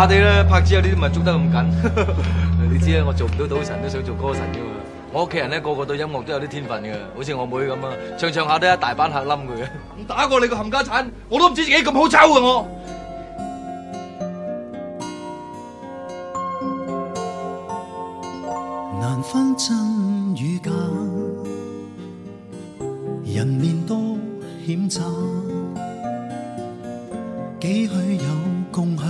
怕啲咧，柏芝有啲咪捉得咁緊。你知啦，我做唔到賭神，都想做歌神噶嘛。我屋企人咧，個個對音樂都有啲天分嘅，好似我妹咁啊，唱唱下都一大班客冧佢嘅。打過你個冚家鏟，我都唔知自己咁好抽嘅我。難分真與假，人面多險詐，幾許有共享。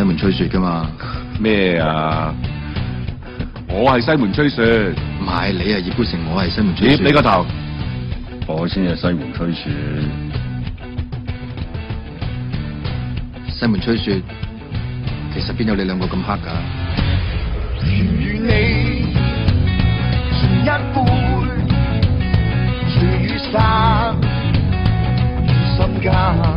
西門吹雪噶嘛？咩啊？我係西門吹雪，唔係你啊葉孤城，我係西門吹雪。你你個頭，我先係西門吹雪。西門吹雪，其實邊有你兩個咁黑噶？